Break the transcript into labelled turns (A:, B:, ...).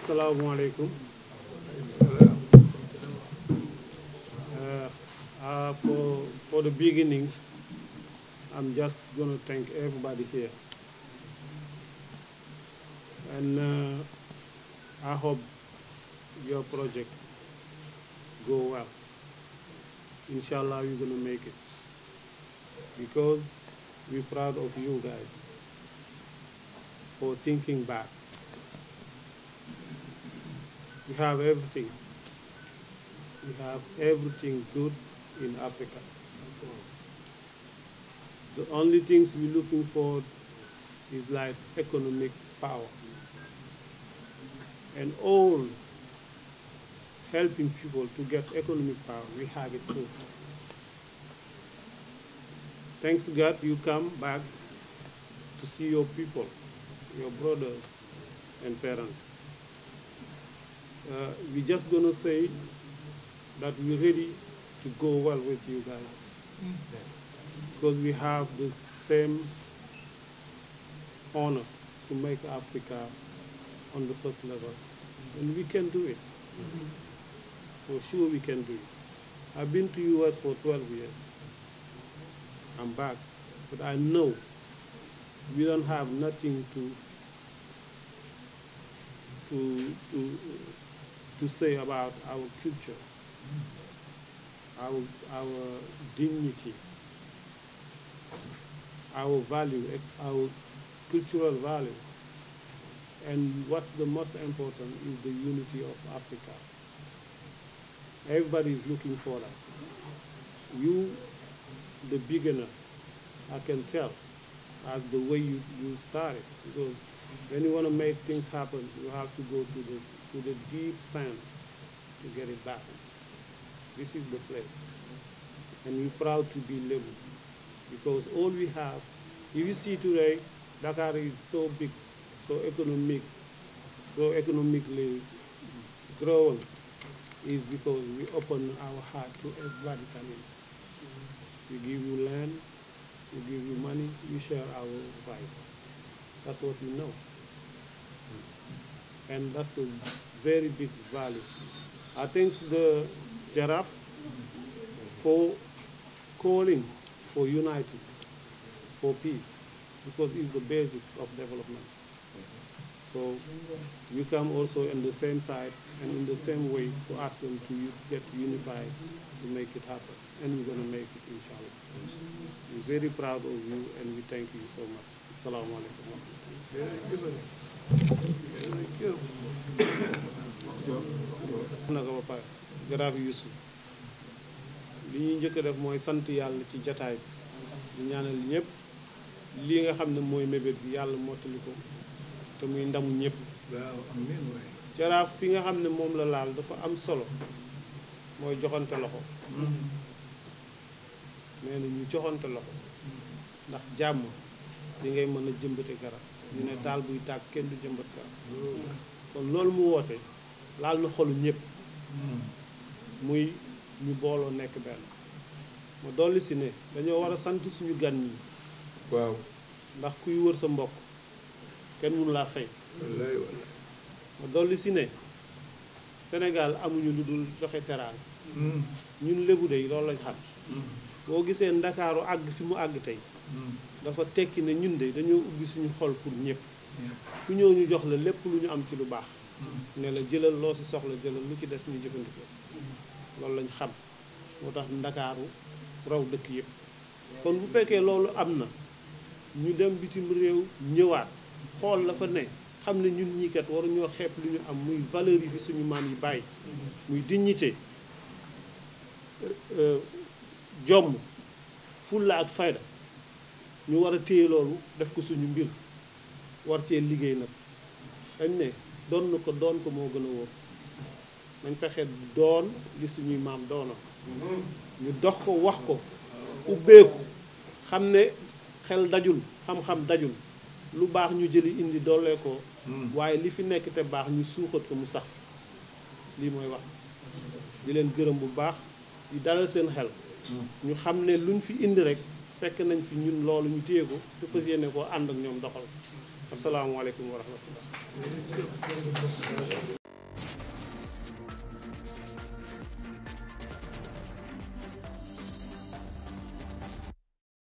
A: আসসালামু আলাইকুম uh, uh, for, for the beginning, I'm just going to thank everybody here. And uh, I hope your project go well. Inshallah, you're going to make it. Because we're proud of you guys for thinking back. We have everything. We have everything good in Africa. The only things we're looking for is like economic power and all helping people to get economic power. We have it too. Thanks God you come back to see your people, your brothers and parents. Uh, we're just going to say that we're ready to go well with you guys. Because we have the same honor to make Africa on the first level. And we can do it. For sure we can do it. I've been to US for 12 years. I'm back. But I know we don't have nothing to to to to say about our culture, our, our dignity, our value, our cultural value. And what's the most important is the unity of Africa. Everybody is looking for that. You, the beginner, I can tell as the way you, you started. Because when you want to make things happen, you have to go to the, to the deep sand to get it back. This is the place. And we're proud to be living Because all we have, if you see today, Dakar is so big, so economic, so economically grown, is because we open our heart to everybody coming. We give you land, will give you money, you share our advice. That's what we know. And that's a very big value. I thank the giraffe for calling for unity, for peace, because it's the basic of development. So you come also in the same side and in the same way to ask them to get unified to make it happen. And we are going to make it, inshallah. We're very proud of you and we thank you so much. Assalamu alaikum. Thank you. naka ba pare jaraaf Yuusuf li ñuy njëkk a def mooy sant yàlla ci jataay bi di ñaanal ñëpp lii nga xam ne mébét bi yàlla mottali ko te muy ndamu ñëpp. waaw amiin fi nga xam ne moom la laal dafa am solo mooy joxante loxo. Mm-hmm. nee ñu joxante loxo mm-hmm. ndax jàmm si ngay mën a jëmbate gara ñu ne taal buy tàkk kenn du jëmbat mm-hmm. kon loolu mu woote laal na xolu ñëpp muy ñu booloo nekk benn ma dolli si ne dañoo war a sant suñu gan ñi waaw ndax kuy wër sa mbokk kenn mënu laa fay ma dolli si ne Sénégal amuñu lu dul joxe teraan mm. ñun lébu dey loolu lañ xam mm. boo gisee ndakaaru àgg fi mu àgg tey mm. dafa tekki ne ñun de dañoo ubbi suñu xol pour ñëpp ku ñëw ñu jox la lépp lu ñu am ci lu baax ne la jëlal loo si soxla jëlal lu ci des ñu jëfandikoo loolu lañ xam moo tax ndakaaru raw dëkk yëpp kon bu fekkee loolu am na ñu dem bitim réew ñëwaat xool la fa ne xam ne ñun ñii kat waruñoo xeeb lu ñu am muy valeur yi fi suñu maam yi bàyyi muy dignité euh, euh, jomm fulla ak fayda ñu war a téye loolu def ko suñu mbir war cee liggéey nag dañ ne doon na ko doon ko moo gën a wóor nañ fexe doon li suñuy maam doona ñu dox ko wax ko ubbeeku xam ne xel dajul xam-xam dajul lu baax ñu jëli indi doolee ko hmm. waaye li fi nekk te baax ñu suuxat ko mu sax lii mooy wax di leen gërëm bu baax yi dalal seen xel hmm. ñu xam ne luñ fi indi rek fekk nañ fi ñun loolu ñu téye ko te fas yéene koo ànd ak ñoom doxal asalaamualeykum wa rahmatullah